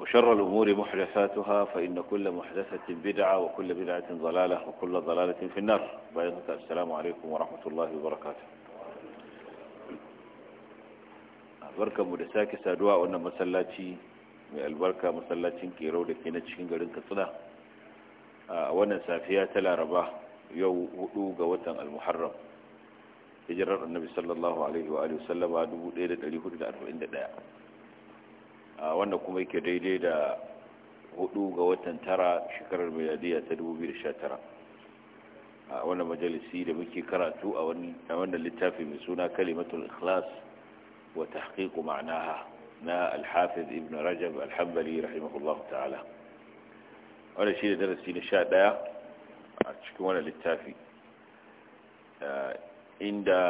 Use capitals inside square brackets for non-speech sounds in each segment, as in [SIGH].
وشر الأمور محدثاتها فإن كل محدثة بدعة وكل بدعة ضلالة وكل ضلالة في النار بيضك السلام عليكم ورحمة الله وبركاته بركة مدساك سادواء أن مسلاتي البركة مسلاتي كيرو لكينا تشكين قرن كتنا وانا سافية تلا رباه يو هدوغ وطن المحرم يجرر النبي صلى الله hijirar annabi sallallahu alaihi wa alihi sallama 1441 wanda kuma yake daidai da hudu ga watan tara shekarar miladiyya ta 2019 a wannan majalisi da muke karatu a wannan littafi mai suna kalimatul ikhlas wa tahqiqu ma'naha na al-hafiz ibn rajab al-hanbali rahimahullahu ta'ala wannan shi da darasi na 11 a cikin wannan littafi inda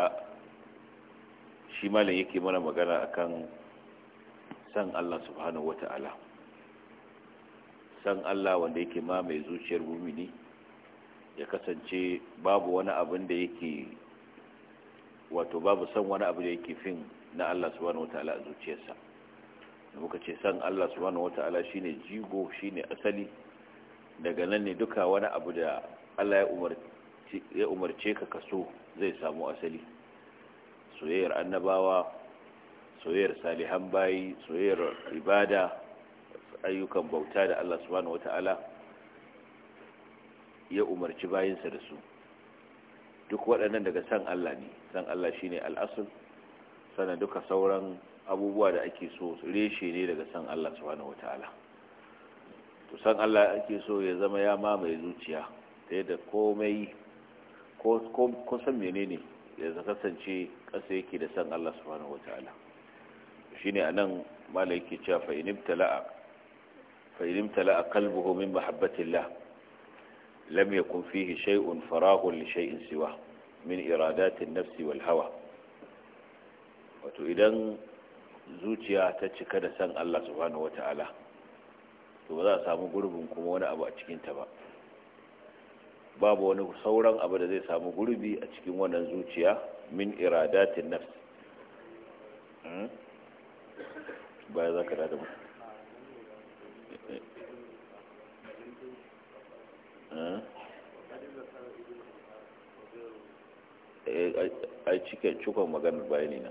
shi malam yake mana magana akan san Allah subhanahu wata'ala san Allah wanda yake mamaye zuciyar mumini ya kasance babu wani abin da yake wato babu san wani abu da yake fin na Allah subhanahu wata'ala a zuciyarsa da muka ce san Allah subhanahu wata'ala shine jigo shine asali daga nan ne duka wani abu da Allah ya umarce ka kaso zai samu asali soyayyar annabawa soyayyar salihan bayi soyayyar ibada ayyukan bauta da Allah subhanahu wata'ala ya umarci bayinsa da su duk waɗannan daga san Allah ne san Allah shine al'asul sannan duka sauran abubuwa da ake so reshe ne daga san Allah subhanahu wata'ala to san Allah ake so ya zama ya mamaye zuciya ta yadda komai ko san menene ya kasance ƙasa yake da san Allah subhanahu wata'ala shine anan malai yake cewa fa in ibtala'a min mahabbatillah lam ya fihi shay'un farahu li shay'in siwa min iradatin nafsi wal hawa wato idan zuciya ta cika da san Allah subhanahu wata'ala to ba za a samu gurbin kuma wani abu a cikin ta ba babu wani sauran abu da zai samu gurbi a cikin wannan zuciya min iradatin nafsi hmm? baya za ka da mu eh, a cikin cikon maganar bayani na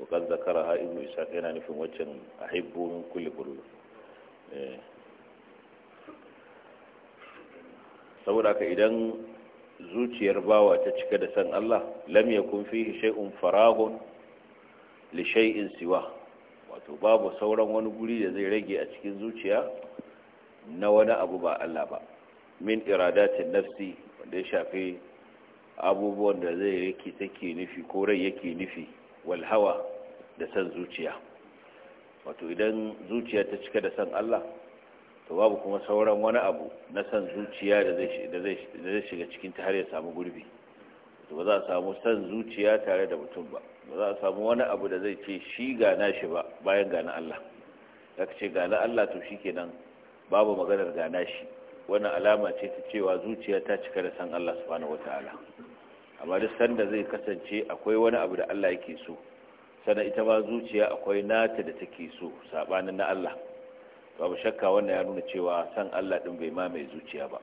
wakar zakara ha isa yana nufin waccan a haibu min kulle eh. kullum saboda haka idan zuciyar bawa ta cika da san Allah lam yakun fihi shay'un farahun li shay'in siwa wato babu sauran wani guri da zai rage a cikin zuciya na wani abu ba Allah ba min iradatin nafsi wanda ya shafi abubuwan da zai yake take nufi ko rai yake nufi wal hawa da san zuciya wato idan zuciya ta cika da san Allah to babu kuma sauran wani abu na san zuciya da zai shiga cikin ta har ya samu gurbi to ba za a samu san zuciya tare da mutum ba ba za a samu wani abu da zai ce shi gana shi ba bayan gana Allah da ce gana Allah to shi kenan babu maganar gana shi wannan alama ce ta cewa zuciya ta cika da san Allah subhanahu ta'ala amma duk sanda zai kasance akwai wani abu da Allah yake so sannan ita ma zuciya akwai nata da take so sabanin na Allah babu shakka wannan ya nuna cewa san Allah din bai ma mai zuciya ba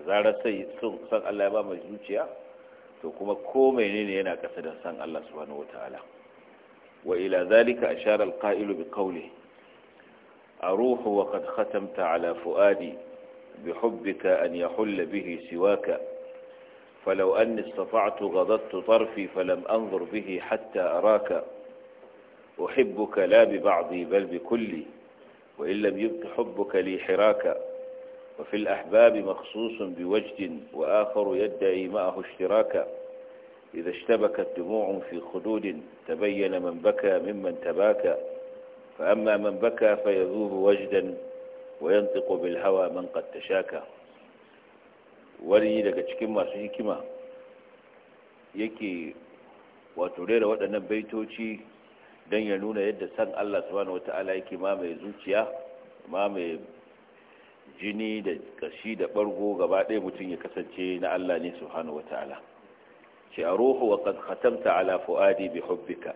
da zarar sai son Allah ya ba mai zuciya to kuma ko menene yana kasa da san Allah subhanahu wataala wa ila zalika ashara alqa'ilu bi qawli اروح وقد ختمت على فؤادي بحبك أن يحل به سواك فلو أني استطعت غضضت طرفي فلم أنظر به حتى أراك أحبك لا ببعضي بل بكلي وإن لم يبق حبك لي حراك وفي الأحباب مخصوص بوجد وآخر يدعي معه اشتراكا إذا اشتبكت دموع في خدود تبين من بكى ممن تباكى فأما من بكى فيذوب وجدا وينطق بالهوى من قد تشاكى ولي لك cikin masu يكي yake wato rera waɗannan baitoci don يد nuna الله سبحانه وتعالى يكي مامي yake mamaye jini da kashi da bargo gaba ɗaya mutum ya kasance na Allah ne subhanahu wataala ce a ruhu wa qad khatamta ala fuadi bi hubbika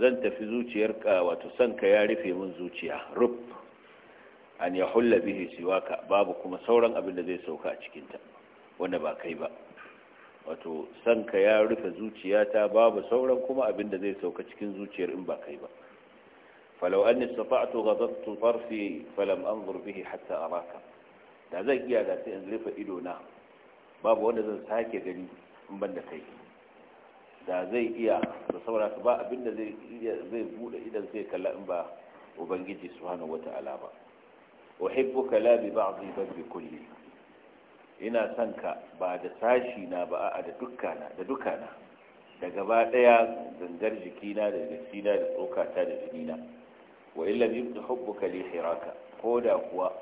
zan tafi zuciyarka wato sanka ya rufe min zuciya rub an yahulla bihi siwaka babu kuma sauran abin da zai sauka a cikin ta wanda ba kai ba wato sanka ya rufe zuciyata babu sauran kuma abin da zai sauka cikin zuciyar in ba kai ba falau an istata'tu ghadabtu tarfi falam anzur bihi hatta araka da zan iya da sai in rufe ido na babu wanda zan sake gani in ban da kai da zai iya da su ba abinda zai zai bude idan sai kalla in ba ubangiji subhanahu wata'ala ba uhibbuka la bi ba'dhi bal bi kulli ina son ka ba da sashi na ba a da dukkana da dukkana da gaba daya gangar jikina da na da tsokata da jinina wa illa yubda hubbuka li hiraka ko da kuwa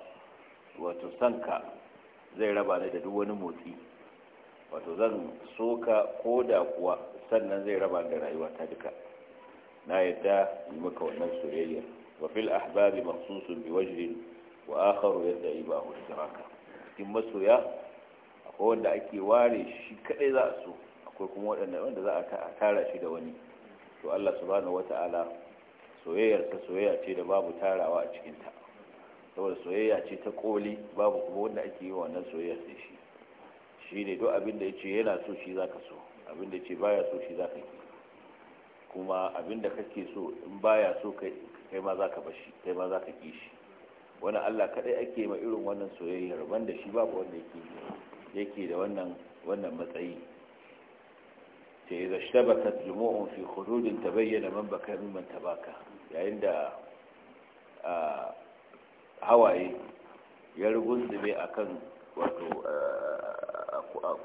wato sanka zai raba ni da duk wani motsi wato zan ka ko da kuwa sannan zai raba da rayuwata duka na yadda yi maka wannan soyayyar wa fil ahbabi makhsusun bi wajhin wa akharu yi ba hu tiraka cikin masoya akwai wanda ake ware shi kadai za a so akwai kuma wanda za a tara shi da wani to Allah subhanahu wata'ala soyayyar ta soyayya ce da babu tarawa a cikinta saboda soyayya ce ta koli babu kuma wanda ake yi wannan soyayya sai shi shi ne duk abin da ya ce yana so shi zaka so abin da ya ce baya so shi zaka ki kuma abin da kake so in baya so kai ma zaka shi kai ma zaka ki shi wani Allah kadai ake ma irin wannan soyayyar banda shi babu wanda yake yake da wannan wannan matsayi sai da shtabakat jumu'un fi khududin tabayyana man baka mimman tabaka yayin da hawaye ya rugunzume a kan wato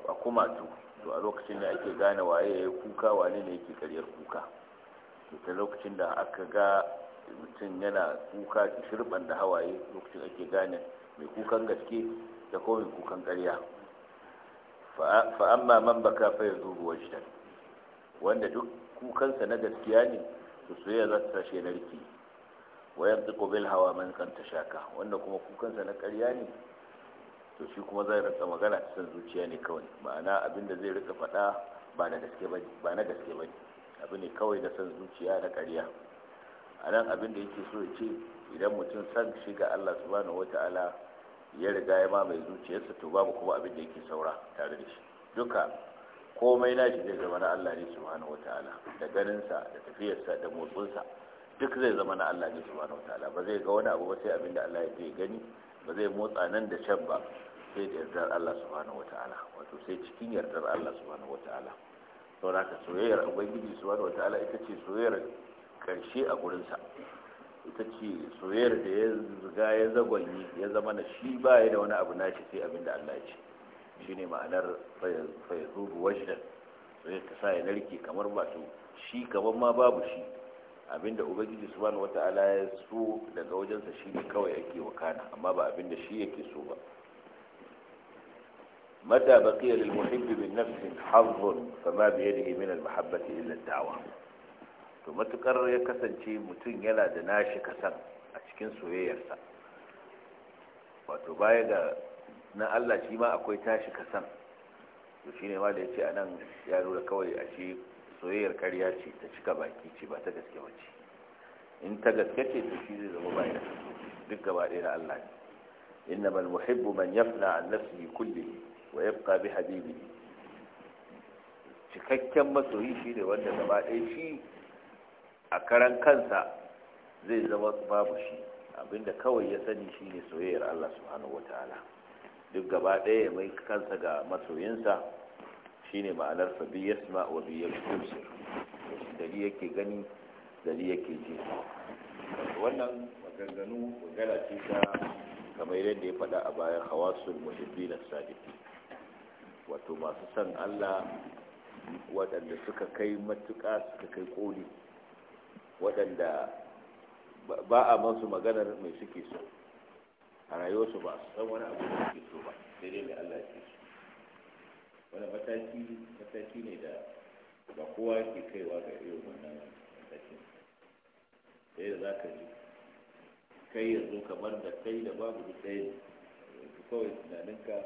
a kumatu to a lokacin da ake gane waye ya yi kuka wane ne yake karyar kuka to ta lokacin da aka ga mutum yana kuka shirban da hawaye lokacin ake gane mai kukan gaske da kuma mai kukan karya fa'amma man baka fa zuwa wajen wanda duk kukansa na gaskiya ne to soyayya za ta tashi na riki wa yantiqu bil hawa man kan shaka wanda kuma kukansa na ƙarya ne to shi kuma zai rasa magana ta san zuciya ne kawai ma'ana abin da zai rika faɗa ba na gaske ba na gaske ne kawai na san zuciya na karya. a nan abin da yake so ya ce idan mutum san shi ga Allah subhanahu wata'ala ya riga ya ma mai zuciyarsa to babu kuma abin da yake saura tare da shi duka komai na shi zai zama na Allah ne subhanahu wataala da ganinsa da tafiyarsa da motsinsa duk zai zama na Allah ne subhanahu wataala ba zai ga wani abu ba sai abin da Allah ya ce gani ba zai motsa nan da can ba sai da yardar Allah subhanahu wataala wato sai cikin yardar Allah subhanahu wataala saboda ka soyayyar ubangiji subhanahu wataala ita ce soyayyar karshe a gurinsa ita ce soyayyar da ya zuga ya zagonyi ya zama na shi ba ya da wani abu nashi sai abin da Allah ya ce shine ma'anar fayazubu wajen sai ta sa ya narke kamar wato shi gaban ma babu shi abinda ubangiji wata wata'ala ya so daga wajensa shi ne kawai yake wakana amma ba abinda shi yake so ba متى بقي للمحب من نفس حظ فما بيده من المحبة dawa to matukar ya kasance mutum yana da nashi kasan a cikin soyayyarsa wato baya ga na Allah shi ma akwai tashi kasan to shi ne ma da ya ce a nan ya nuna kawai a shi soyayyar karya ce ta cika baki ce ba ta gaske ba ce in ta gaske ce to shi zai zama bayan duk gaba ɗaya na Allah ne innama muhibbu man yafna an nafsihi kulli wa yabqa bi habibi cikakken masoyi shi ne wanda gaba ɗaya shi a karan kansa zai zama babu shi abinda kawai ya sani shine soyayyar Allah subhanahu wataala duk gaba ɗaya ya mai kansa ga masoyinsa shine ma'anar fa bi yasma wa bi dali yake gani dali yake ji wannan maganganu magana ce ta kamar yadda ya faɗa a bayan hawasul na sadiki wato masu san Allah waɗanda suka kai matuka suka kai ƙoli waɗanda ba a masu maganar mai suke so a rayuwarsu ba su san wani abu da suke so ba sai dai mai Allah ke su wani mataki mataki ne da ba kowa ke kaiwa ga irin wannan matakin sai da za ka ji kai yanzu kamar da kai da babu duk ɗaya ne yanzu kawai tunaninka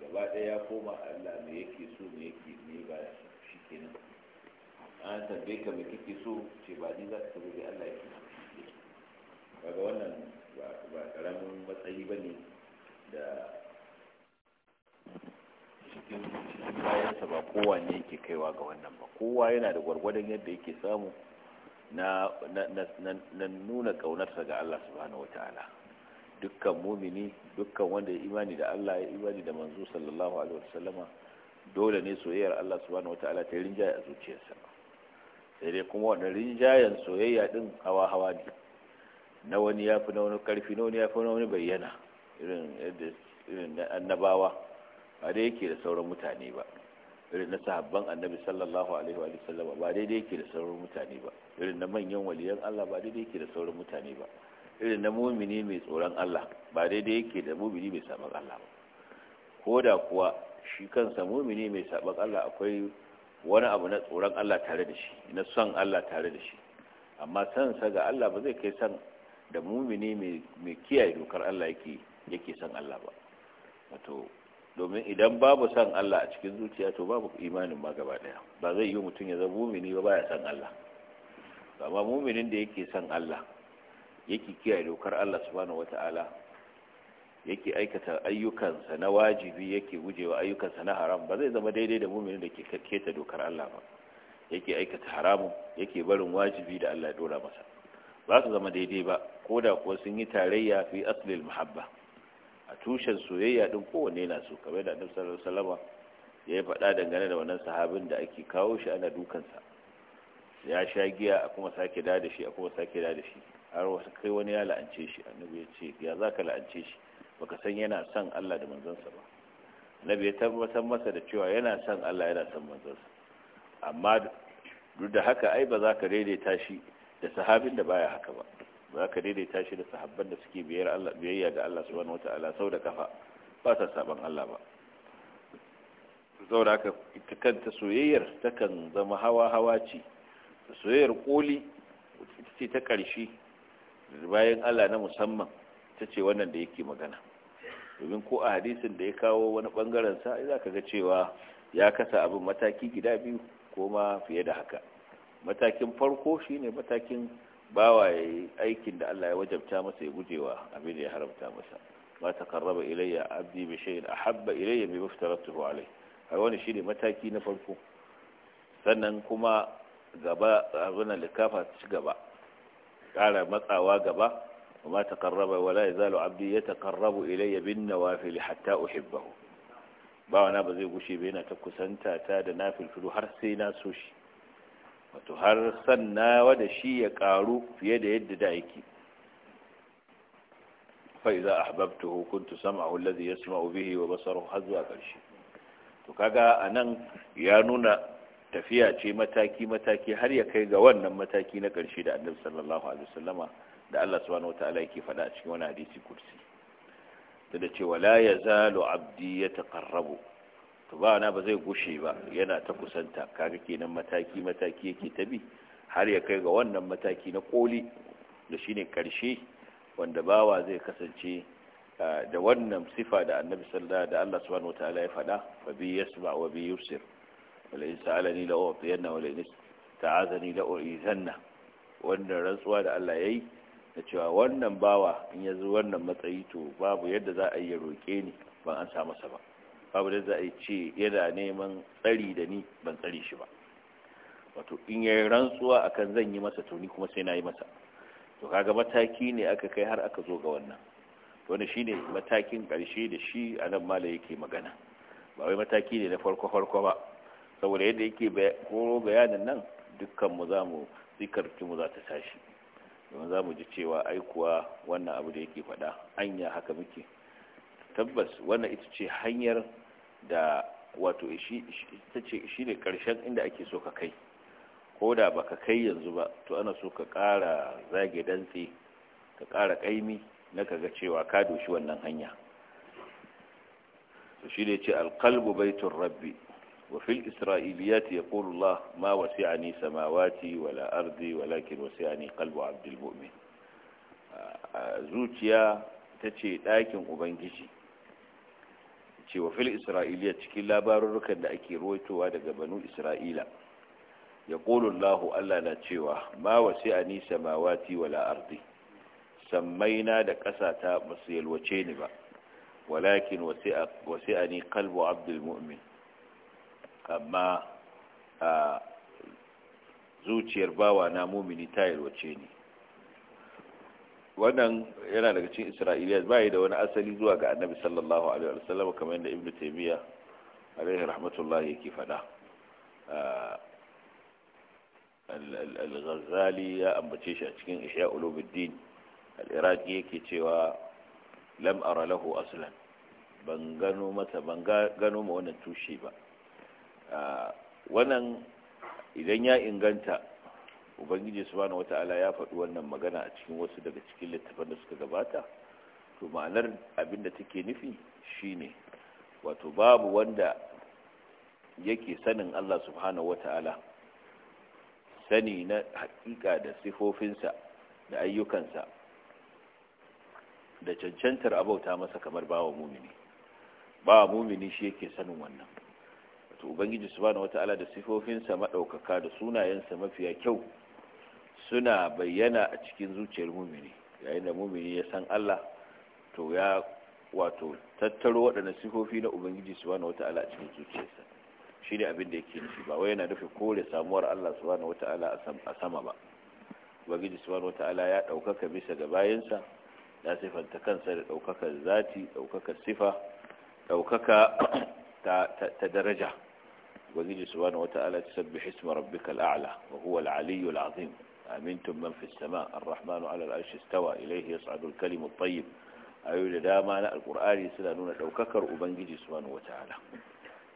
gaba ɗaya ya koma Allah me yake so me yake me ba shi kenan an tambaye ka me kake so ce ba ni za ka tabbata Allah yake so kaga wannan ba karamin matsayi ba ne da cikin bayansa ba kowa ne yake kaiwa ga wannan ba kowa yana da gwargwadon yadda yake samu na nuna ƙaunarsa ga Allah subhanahu wata'ala dukkan mumini dukkan wanda ya imani da Allah ya imani da manzo sallallahu alaihi wasallama dole ne soyayyar Allah subhanahu wata'ala ta rinjaya a zuciyarsa sai dai kuma wannan rinjayen soyayya din hawa hawa ne na wani ya fi na wani karfi na wani ya fi na wani bayyana irin annabawa ba dai yake da sauran mutane ba irin na sahabban annabi sallallahu alaihi wa sallam ba dai yake da sauran mutane ba irin na manyan waliyan Allah ba dai yake da sauran mutane ba irin na mumini mai tsoron Allah ba dai yake da mumini mai saban Allah ba ko da kuwa shi kansa mumini mai saban Allah akwai wani abu na tsoron Allah tare da shi na son Allah tare da shi amma sa ga Allah ba zai kai san da mumini mai kiyaye dokar Allah yake son Allah ba wato domin idan babu son Allah a cikin zuciya to babu imanin ma gaba daya ba zai yi mutum ya zama mumini ba baya son Allah amma muminin da yake son Allah yake kiyaye dokar Allah subhanahu wataala yake aikata ayyukansa na wajibi yake gujewa ayyukansa na haram ba zai zama daidai da muminin da ke keta dokar Allah ba yake aikata haramun yake barin wajibi da Allah ya dora masa ba su zama daidai ba ko da kuwa sun yi tarayya fi asalin muhabba a tushen soyayya din kowanne na so kamar da annabi sallallahu alaihi wasallam ya yi faɗa dangane da wannan sahabin da ake kawo shi ana dukansa ya sha giya a kuma sake da da shi a kuma sake da da shi har wasu kai wani ya la'ance shi annabi ya ce ya za ka la'ance shi baka san yana son Allah da manzansa ba annabi ya tabbatar masa da cewa yana son Allah yana son manzansa amma duk da haka ai ba za ka daidaita shi da sahabin da baya haka ba za ka daidaita shi da sahabban da suke biyayya ga Allah subhanahu wata'ala sau da kafa ba sa saban Allah ba saboda haka kanta soyayyar ta kan zama hawa-hawa ce soyayyar koli ita ce ta ƙarshe bayan Allah na musamman ta ce wannan da yake magana domin ko a hadisin da ya kawo wani ɓangaren sa za ka ga cewa ya kasa abin mataki gida biyu ko ma fiye da haka matakin farko shine matakin bawa ya yi aikin da Allah ya wajabta masa ya gujewa abin da ya haramta masa ba ta karraba ilayya abdi bi shay'in ahabba ilayya bi maftaratuhu alai ai wani shine mataki na farko sannan kuma gaba abuna likafa ta ci gaba ƙara matsawa gaba وما تقرب ولا يزال عبدي يتقرب ba بالنوافل ba zai باونا بزي غشي ta kusanta ta da nafil har sai na so shi wato har sannawa da shi ya karu fiye da yadda da yake fa'iza ahbabtuhu kuntu sam'ahu alladhi yasma'u bihi wa basaruhu har zuwa ƙarshe to kaga anan ya nuna tafiya ce mataki mataki har ya kai ga wannan mataki na ƙarshe da Annabi sallallahu alaihi wasallama da Allah subhanahu wataala yake faɗa cikin wani hadisi kursi da cewa la yazalu abdi yataqarrabu to ba na ba zai gushe ba yana ta kusanta kaga kenan mataki mataki yake ta bi har ya kai ga wannan mataki na koli da shine karshe wanda bawa zai kasance da wannan sifa da annabi sallallahu da Allah subhanahu wataala ya faɗa fa bi yasma wa bi yusir wala in la uqiyanna wala ta'azani la u'izanna wannan rantsuwa da Allah yayi da cewa wannan bawa in ya wannan matsayi to babu yadda za a yi roke ni ban an samu masa babu da za a ce yana neman tsari da ni ban tsari shi ba wato in yi rantsuwa akan zan yi masa to ni kuma sai na yi masa to kaga mataki ne aka kai har aka zo ga wannan to ne shine matakin karshe da shi a nan mala yake magana ba wai mataki ne na farko farko ba saboda yadda yake koro bayanin nan dukkan mu zamu zikarci mu za ta tashi don za mu ji cewa aikuwa wannan abu da yake faɗa anya haka muke tabbas wannan ita ce hanyar da wato shi ne karshen inda ake so ka kai ko da ba ka kai yanzu ba to ana so ka ƙara zage dantse ka kara kaimi na kaga cewa ka doshi wannan hanya to shi ne ce alkalbu baitun rabbi وفي الإسرائيليات يقول الله ما وسعني سماواتي ولا أرضي ولكن wasi'ani قلب عبد zuciya ta ce ɗakin ubangiji cewa fil isra'iliya cikin labarurrukan da ake ruwaitowa daga banu isra'ila ya Allahu allah na cewa ma wasi a nisa mawati wala ardi sammaina da ƙasa ta masu yalwace ni ba walakin wasi a ni kalbo abdulmu'min amma a zuciyar bawa na mumini ta yalwace ni wannan yana daga cikin isra'iliya ba da wani asali zuwa ga annabi sallallahu alaihi sallam kamar yadda ibnu taymiya alaihi rahmatullahi yake fada al-ghazali ah, ya ambace shi a cikin ihya ulumuddin al-iraqi yake cewa lam ara lahu aslan ban gano mata ban gano ma wannan tushe ba ah, wannan idan ya inganta ubangiji subhanahu wata'ala ya faɗi wannan magana a cikin wasu daga cikin littafan da suka gabata to ma'anar abinda take nufi shine wato babu wanda yake sanin Allah subhanahu wata'ala sani na hakika da sifofinsa da ayyukansa da cancantar abauta masa kamar bawa mumini ba mumini shi yake sanin wannan wato ubangiji subhanahu wata'ala da sifofinsa maɗaukaka da sunayensa mafiya kyau suna bayyana a cikin zuciyar mumini yayin da mumini ya san Allah to ya wato tattaro waɗannan sifofi na ubangiji subhanahu wata'ala a cikin zuciyarsa shine abin da yake nufi ba wai yana nufin kore samuwar Allah subhanahu wata'ala a sama ba ubangiji subhanahu wata'ala ya ɗaukaka bisa ga bayansa ya sifanta kansa da ɗaukakar zati ɗaukakar sifa ɗaukaka [CLEARS THROAT] ta daraja ubangiji subhanahu wata'ala sabbi isma rabbikal a'la wa huwa al-aliyyul azim amintum man fi sama ar-rahmanu ala al-arshi istawa ilayhi yas'adu al-kalimu at da dama na alkur'ani suna nuna ɗaukakar ubangiji subhanahu wataala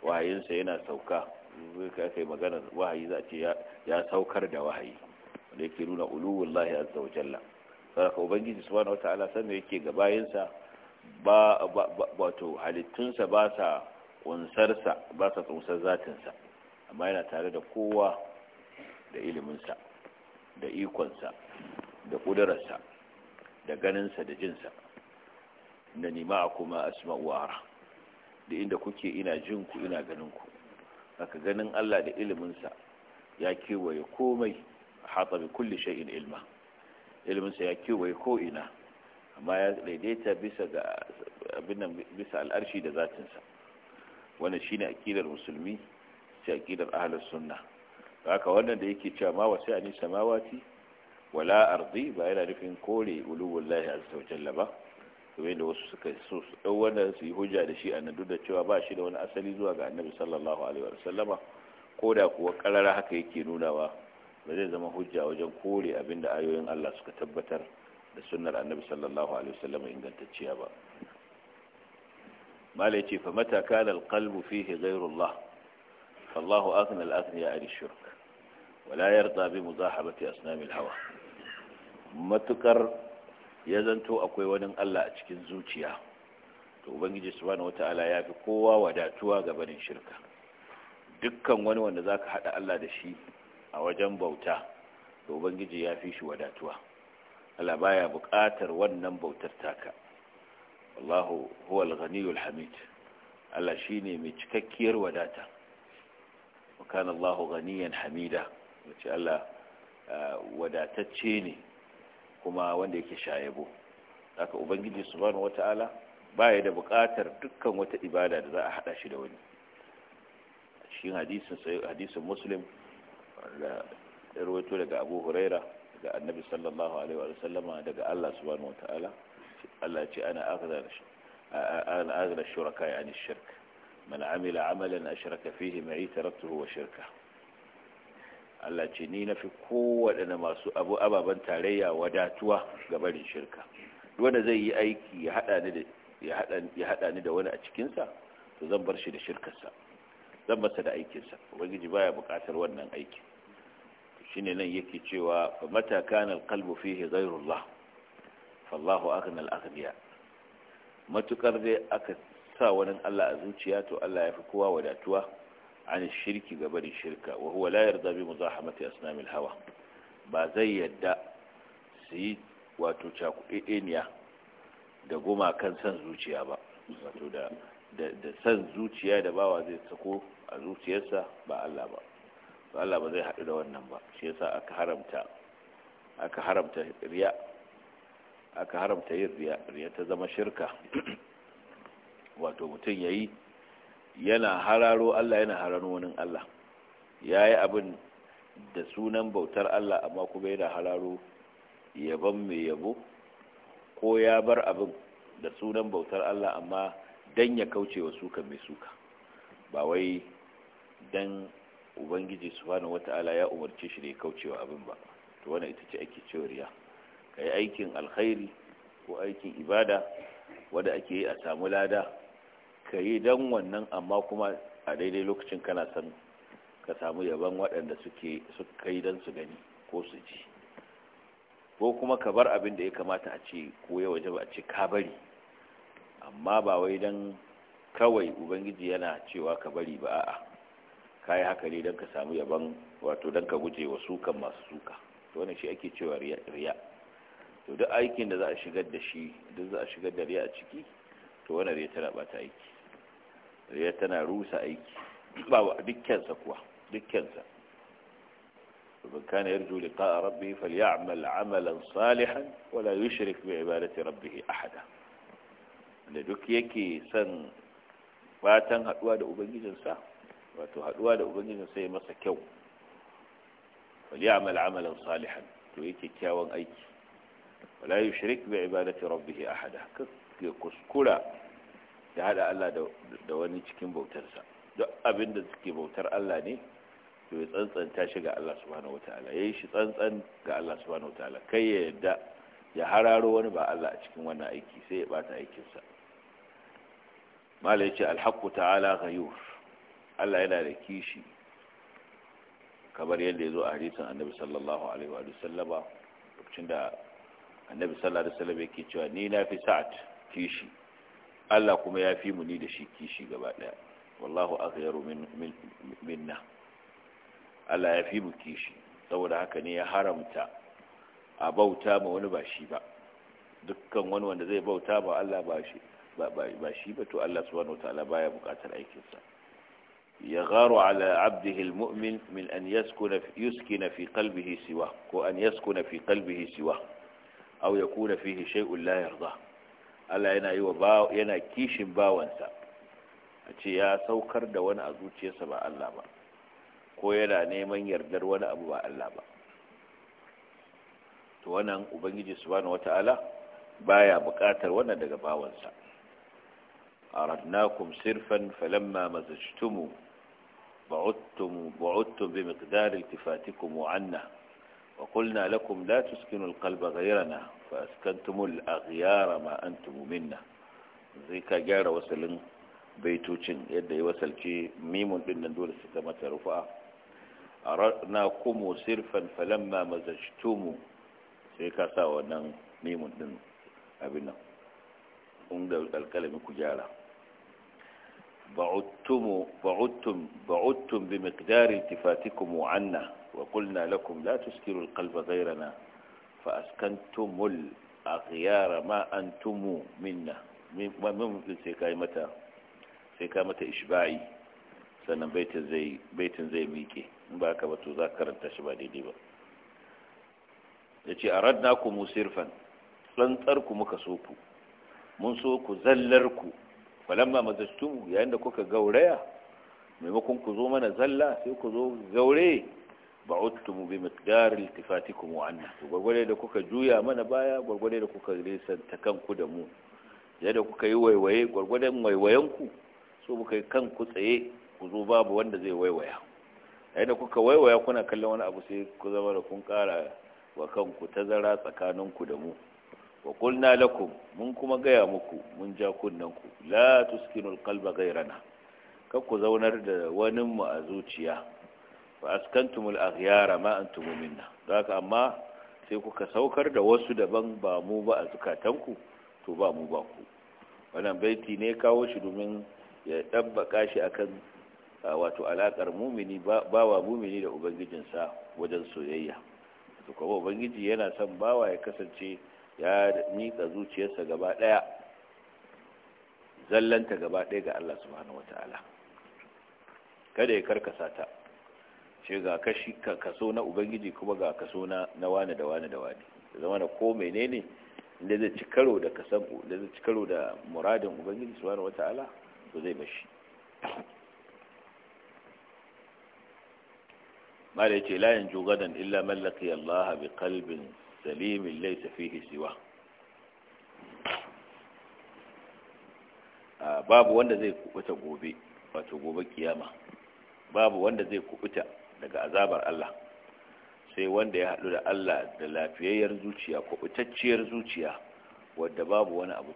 wahayinsa yana sauka kai kai magana wahayi za ya saukar da wahayi wanda yake nuna uluwullahi azza wa jalla saboda ubangiji subhanahu wataala san yake ga bayinsa ba wato halittunsa ba sa kunsarsa ba sa kunsar zatinsa amma yana tare da kowa da iliminsa da ikonsa da ƙudurarsa da ganinsa da jinsa na nima kuma asma'u da inda kuke ina jinku ina ganinku aka ganin Allah da iliminsa ya kewaye komai a hatsa kulle kulli ilma iliminsa ya kewaye ko'ina amma ya daidaita bisa ga bisa al'arshi da zatinsa wannan shine akidar musulmi sai akidar ahalar sunna haka wannan da yake cewa ma wasi ani samawati wala ardi ba yana nufin kore uluwullahi azza wa ba kamar da wasu suka so su wannan su yi hujja da shi annabi da cewa ba shi da wani asali zuwa ga annabi sallallahu alaihi wa sallama ko da kuwa karara haka yake nunawa ba zai zama hujja wajen kore abinda ayoyin Allah suka tabbatar da sunnar annabi sallallahu alaihi wa sallama ingantacciya ba mala yace fa mata kana alqalbu fihi ghayrullah fallahu aghna al-aghniya 'an shirk wala yarda bi muzahabati asnamil hawa matukar ya zanto akwai wani Allah a cikin zuciya to ubangiji subhanahu wataala ya fi kowa wadatuwa ga barin shirka dukkan wani wanda zaka hada Allah da shi a wajen bauta to ubangiji ya fi shi wadatuwa Allah baya buƙatar wannan bautar taka wallahu huwal ghaniyul hamid Allah shine mai cikakkiyar wadata wa kana ghaniyan hamida wace Allah ah, wadatacce ne kuma wanda yake shayabo haka ubangiji subhanahu wata'ala baya da buƙatar dukkan wata ibada da za a hada shi da wani shi hadisin hadisin muslim da rawaito daga abu huraira daga annabi sallallahu alaihi wa sallama daga Allah subhanahu wata'ala Allah ya ce ana aghda ana aghda shuraka yani shirk man amila amalan ashraka fihi ma'i taraktuhu wa shirkahu Allah ce ni na nafi kowanne masu abu ababen tarayya wadatuwa ga barin shirka wanda zai yi aiki ya haɗa ni da wani a cikinsa to zan bar shi da shirkarsa zan masa da aikinsa ubangiji baya buƙatar wannan aiki. shi ne nan yake cewa fa mata kana alqalbu fihi ghayrullah fallahu aghna alaghniya Matuƙar dai aka sa wani Allah a zuciya to Allah ya fi kowa wadatuwa an shirki gabarin shirka wa huwa la yarda bi muzahamati asnamil hawa ba zai yarda su yi wato cakudiniya da gumakan san zuciya ba wato da da san zuciya da bawa zai sako a zuciyarsa ba Allah ba to Allah ba zai haɗu da wannan ba shi yasa aka aka haramta yin riya ta zama shirka wato mutum yayi yana hararo Allah yana hararo wani Allah ya yi abin da sunan bautar Allah amma kuma yana hararo yabon mai yabo ko ya bar abin da sunan bautar Allah amma dan ya kauce wa suka mai suka ba wai dan ubangiji wata wata'ala ya umarci shi da ya kauce wa abin ba to wani ita ce ake cewa riya kai aikin alkhairi ko aikin ibada wanda ake yi a samu lada ka yi don wannan amma kuma a daidai lokacin kana son ka samu yaban waɗanda suke suka yi don su gani ko su ji ko kuma ka bar abin da ya kamata a ce ko ya waje ba a ce ka bari amma ba wai don kawai ubangiji yana cewa ka bari ba a'a ka yi haka ne don ka samu yaban wato don ka guje wa sukan masu suka to wani shi ake cewa riya to duk aikin da za a shigar da shi duk za a shigar da riya a ciki to wani riya tana bata aiki ya tana rusa aiki ba dukkansa kuwa dukkansa ومن كان يرجو لقاء ربه فليعمل عملا صالحا ولا يشرك بعبادة ربه أحدا da duk yake son fatan haduwa da ubangijinsa wato haduwa da ubangijinsa ya masa kyau falyamal amalan salihan to yake kyawun aiki wala yushrik bi ibadati rabbih ahada kuskura ya haɗa Allah da wani cikin bautarsa duk abin da suke bautar Allah ne to ya tsantsanta shi ga Allah subhanahu wataala yayi shi tsantsan ga Allah subhanahu wataala kai ya yadda ya hararo wani ba Allah a cikin wannan aiki sai ya bata aikinsa mala yace alhaqu ta'ala ghayur Allah yana da kishi kamar yadda ya zo a hadisin annabi sallallahu alaihi wa sallama lokacin da annabi sallallahu alaihi wa sallam yake cewa ni na fi sa'at kishi Allah kuma ya fi mu ni da shi kishi gaba daya wallahu aghyaru min minna Allah ya fi mu kishi saboda haka ne ya haramta a bauta ma wani ba shi ba dukkan wani wanda zai bauta ba Allah ba shi ba shi ba to Allah subhanahu wataala baya bukatar aikinsa يغار على عبده المؤمن من أن يسكن يسكن في قلبه سواه وأن يسكن في قلبه سواه أو يكون فيه شيء لا يرضاه Allah yana yi wa yana kishin bawansa a ce ya saukar da wani a zuciyarsa ba Allah ba ko yana neman yardar wani abu ba Allah ba to wannan ubangiji subhanahu wata'ala baya buƙatar wannan daga bawansa aradnakum sirfan falamma mazajtumu ba'udtum ba'udtum bi miqdari iltifatikum 'anna وقلنا لكم لا تسكنوا القلب غيرنا فأسكنتم الأغيار ما أنتم منا زي كجار وسلن بيتوتين يدي وصل كي ميم دين دول ستمة رفعة أردناكم صرفا فلما مزجتم زي كاسا ونن ميم دين أبنا أمدى الكلم كجارة بعدتم بعدتم بعدتم بمقدار التفاتكم عنا وقلنا لكم لا تسكروا القلب غيرنا فأسكنتم الأغيار ما أنتم منا ومن سيكايمة سيكايمة إشباعي sannan baitin zai baitin zai miƙe in ba ka wato za ka karanta shi ba daidai ba yace aradna ku musirfan tsantsar ku muka so ku mun so ku zallar ku falamma mazastumu yayin da kuka gauraya maimakon ku zo mana zalla sai ku zo gaure ba'udtum bi miqdar iltifatikum anna to da kuka juya mana baya gurgure da kuka ta kanku da mu yadda kuka yi waiwaye waiwayen ku so kuka yi kanku tsaye ku zo babu wanda zai waiwaya yadda kuka waiwaya kuna kallon wani abu sai ku zama da kun kara wa kanku tazara tsakaninku da mu wa qulna lakum mun kuma gaya muku mun ja ku la tuskinul qalba ghayrana kar ku zaunar da wani mu a zuciya fa askantumul aghyara ma antum minna haka amma sai kuka saukar da wasu daban ba mu ba a zukatanku to ba mu ba ku wannan baiti ne kawo shi domin ya dabbaka shi akan wato alakar mumini bawa mumini da ubangijinsa wajen soyayya to kuma ubangiji yana son bawa ya kasance ya nika zuciyarsa gaba daya zallanta gaba daya ga Allah subhanahu wataala kada ya karkasa ta ce ga kashi kaso na ubangiji kuma ga kaso na na wane da wane da wane zama da ko menene da zai ci karo da kasan da zai ci karo da muradin ubangiji subhanahu wataala to zai bashi mala ce la yanju gadan illa man laqiya Allah bi qalbin salim laysa fihi siwa babu wanda zai kubuta gobe wato gobe kiyama babu wanda zai kubuta daga azabar Allah sai wanda ya haɗu da Allah da lafiyayyar zuciya ko kubutacciyar zuciya wadda babu wani abu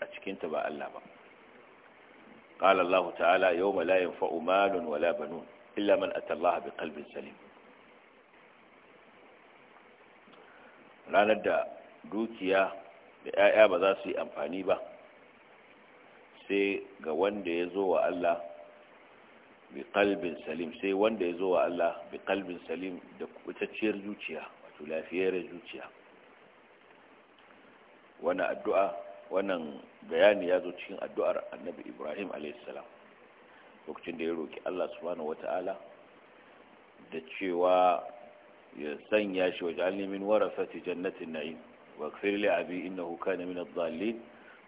a cikinta ba Allah ba ta'ala yau تعالى يوم لا ينفع مال ولا illa man a أتى الله kalbin سليم ranar da dukiya da 'ya'ya ba za su yi amfani ba sai ga wanda ya zo wa Allah bi kalbin salim sai wanda ya zo wa Allah bi kalbin salim da kubutacciyar zuciya wato lafiyar zuciya wannan addu'a wannan bayani ya zo cikin addu'ar Annabi Ibrahim alaihissalam lokacin da ya roki Allah subhanahu wataala da cewa ya sanya shi waj'alni min warasati jannatin na'im واغفر لأبي إنه كان من الضالين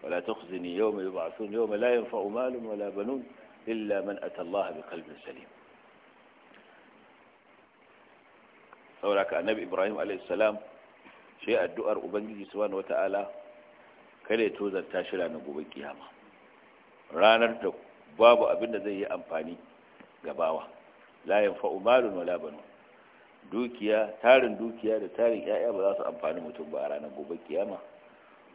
wala تخزني يوم يبعثون يوم لا ينفع مال ولا بنون إلا من أتى الله بقلب سليم sauraka annabi ibrahim alaihissalam shi addu'ar ubangiji subhanahu wata'ala kada ya tozarta shi ranar gobe kiyama ranar da babu abin da zai yi amfani ga bawa la yanfa'u malun wala banun dukiya tarin dukiya da tarin yaya ba za su amfani mutum ba a ranar gobe kiyama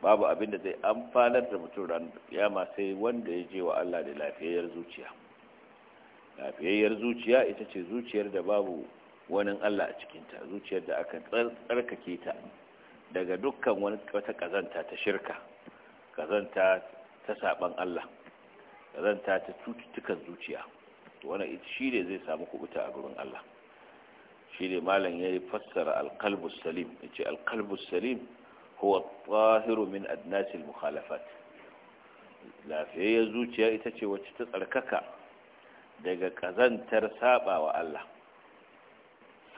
babu abin da zai amfanar da mutum ranar sai wanda ya je wa Allah da lafiyayyar zuciya lafiyayyar zuciya ita ce zuciyar da babu wani Allah a cikinta zuciyar da aka tsarkake ta daga dukkan wani wata kazanta ta shirka kazanta ta saban Allah kazanta ta cututtukan zuciya wani shi ne zai samu kubuta a gurin Allah shi ne malam ya yi fassara alkalbus salim ya ce alkalbus salim huwa tsahiru min adnasil mukhalafat lafiyayyar zuciya ita ce wacce ta tsarkaka daga kazantar saɓawa Allah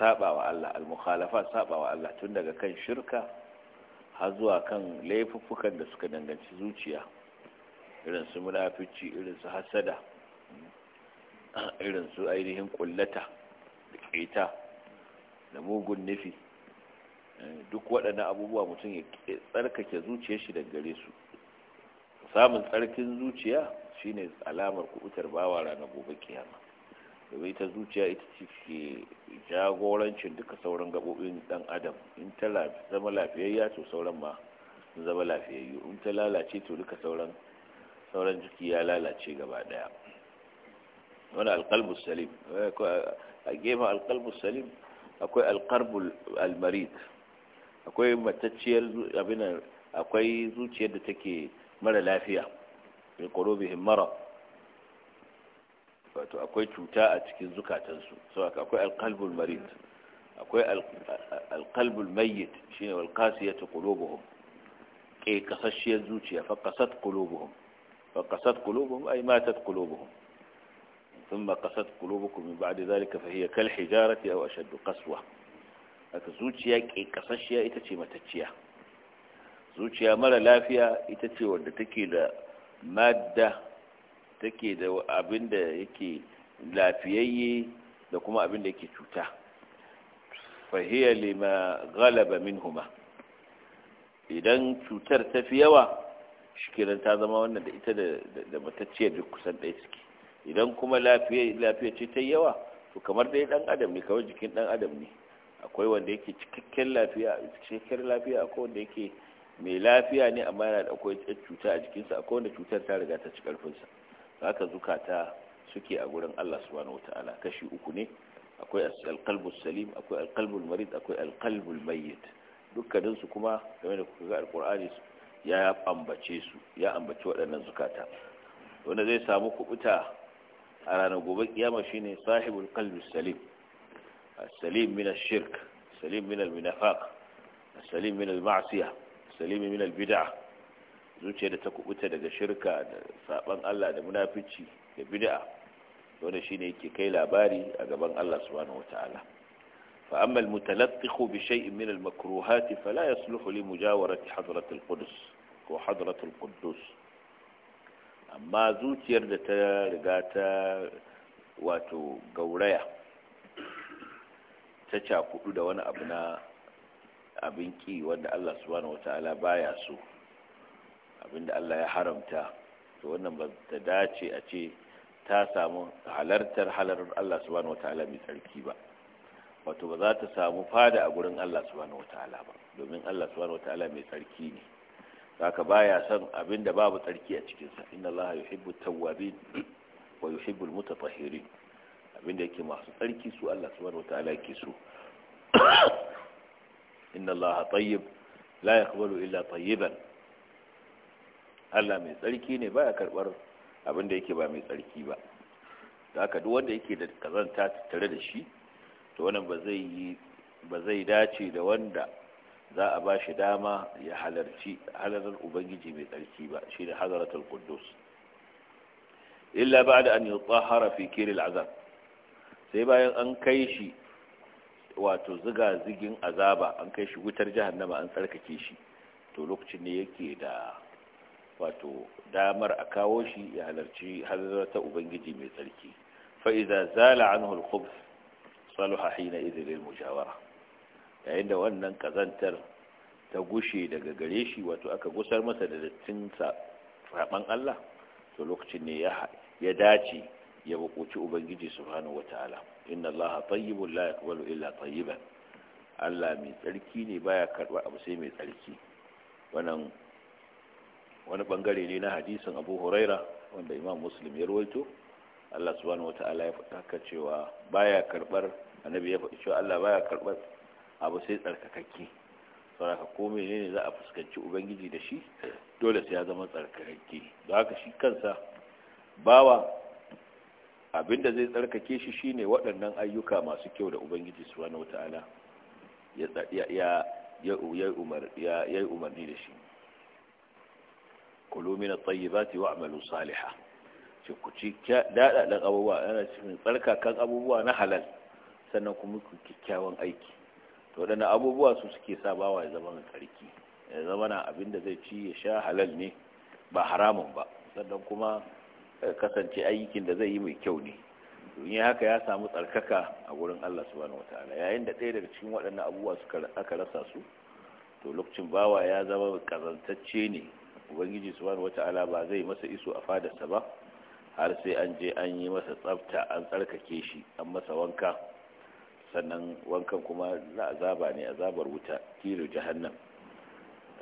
sabawa saɓawa Allah tun daga kan shirka har zuwa kan laifuffukan da suka danganci zuciya irin su munafici su hasada irin su ainihin kullata da keta da mugun nufi duk waɗannan abubuwa mutum ya tsarkake zuciya shi daga gare su samun tsarkin zuciya shine alamar kubutar bawa ranar gobe kiyama domin ita zuciya ita ce ke jagorancin duka sauran gaɓoɓin ɗan adam in ta zama lafiyayya to sauran ma sun zama lafiyayyu in ta lalace to duka sauran sauran jiki ya lalace gaba ɗaya wani alƙalbu salim eh, a gefen alƙalbu salim akwai alƙalbu almarid akwai matacciyar abin akwai zuciyar da take mara lafiya bi qulubihim marad wato akwai cuta a cikin zukatansu sau akwai alqalbul marid akwai alqalbul mayyit shine wal qasiyatu qulubuhum ke kasashiyar zuciya fa qasat qulubuhum fa qasat qulubuhum ay matat qulubuhum ثم قست قلوبكم من بعد ذلك فهي كالحجارة أو أشد قسوة haka zuciya ƙeƙasashiya ita ce matacciya zuciya mara lafiya ita ce wadda take da madda take da abin da yake lafiyayye da kuma abin da yake cuta fahiyar lima galaba min huma idan cutar ta fi yawa shikiran ta zama wannan da ita da matacciya duk kusan ɗaya suke idan kuma lafiya ce ta yawa to kamar dai ɗan adam ne kawai jikin ɗan adam ne akwai wanda yake cikakken lafiya cikakken lafiya akwai wanda yake mai lafiya ne amma yana da akwai cuta a jikinsa akwai wanda cutar ta riga ta ci karfinsa haka zukata suke a gurin Allah subhanahu wataala kashi uku ne akwai alqalbus salim akwai alqalbul marid akwai alqalbul mayyit dukkanin su kuma game da kuka ga alqur'ani ya ambace su ya ambace waɗannan zukata wanda zai samu kubuta a ranar gobe kiyama shine sahibul qalbis salim السليم من الشرك السليم من المنافق السليم من المعصية السليم من البدعة zuciya da ta kubuta daga shirka da saban Allah da munafici da bid'a wanda shine yake kai labari a gaban Allah subhanahu wataala fa amma almutalaqqiqu bi shay'in min almakruhat fala yasluhu li mujawarati hadrat alqudus ko hadrat alquddus amma zuciyar da ta riga ta wato gauraya ta cakudu da wani abu na abin ki wanda Allah subhanahu wataala baya so abinda Allah ya haramta to wannan ba ta dace a ce ta samu halartar halarar Allah subhanahu wataala mai tsarki ba wato ba za ta samu fada a gurin Allah subhanahu wataala ba domin Allah subhanahu wataala mai tsarki ne haka baya son abinda babu tsarki a cikinsa inna Allah yuhibbu tawwabin wa yuhibbu al-mutatahhirin abinda yake masu tsarki su Allah subhanahu wataala yake so inna Allah tayyib la yaqbalu illa tayyiban Allah mai tsarki ne baya karbar abinda yake ba mai tsarki ba da haka duk wanda yake da kazanta tare da shi to wannan ba zai yi ba zai dace da wanda za a ba shi dama ya halarci halarar ubangiji mai tsarki ba shi da hazaratul quddus illa ba'da an yutahhara fi kiril azab sai bayan an kai shi wato ziga zigin azaba an kai shi wutar jahannama an tsarkake shi to lokacin ne yake da wato damar a kawo shi ya halarci ta ubangiji mai tsarki fa'iza zala an hulkub saluha hina idirin mujawara yayin da wannan kazantar ta gushe daga gare shi wato aka gusar masa da dattin raban Allah to lokacin ne ya dace ya bukuci ubangiji subhanahu wataala inna allaha tayyibun la yaqbalu illa tayyiban Allah mai tsarki ne baya karba abu sai mai tsarki wannan wani bangare ne na hadisin Abu Huraira wanda Imam Muslim ya rawaito Allah subhanahu wataala ya faɗa haka cewa baya karbar annabi ya faɗi cewa Allah baya karbar abu sai tsarkakakke saboda ko menene za a fuskanci ubangiji da shi dole sai ya zama tsarkakakke don haka shi kansa bawa abinda zai tsarkake shi shine waɗannan ayyuka masu kyau da ubangiji subhanahu wataala ya ya ya ya umarni da shi kulu min at-tayyibati wa'malu salihan ce ku ci daɗaɗɗen abubuwa yana cikin tsarkakan abubuwa na halal sannan kuma ku kyakkyawan aiki to waɗannan abubuwa su suke sa wa ya zama mai tsarki ya zama na abin da zai ci ya sha halal ne ba haramun ba sannan kuma kasance aikin da zai yi mai kyau ne domin haka ya samu tsarkaka a wurin Allah subhanahu wataala yayin da ɗaya daga cikin waɗannan abubuwa suka aka rasa su to lokacin bawa ya zama kazantacce ne ubangiji subhanahu wataala ba zai masa iso a fadarsa ba har sai an je an yi masa tsafta an tsarkake shi an masa wanka sannan wankan kuma na azaba ne azabar wuta kilo jahannam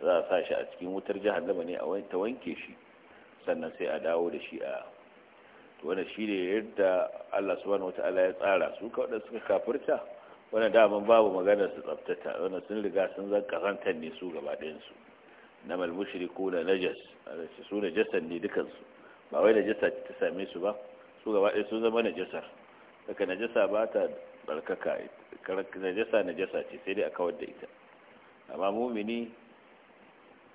za a sa shi a cikin wutar jahannama ne a ta wanke shi sannan sai a dawo da shi a to wannan shi ne yadda Allah subhanahu wata'ala ya tsara su kawai suka kafirta wannan daman babu magana su tsaftata wannan sun riga sun zan kazantar ne su gaba ɗayan su na malmushriku na najas su najasan ne dukansu ba wai najasa ta same su ba su gaba ɗaya sun zama najasar daga najasa ba ta jasa najasa najasa ce sai dai a kawar da ita amma mumini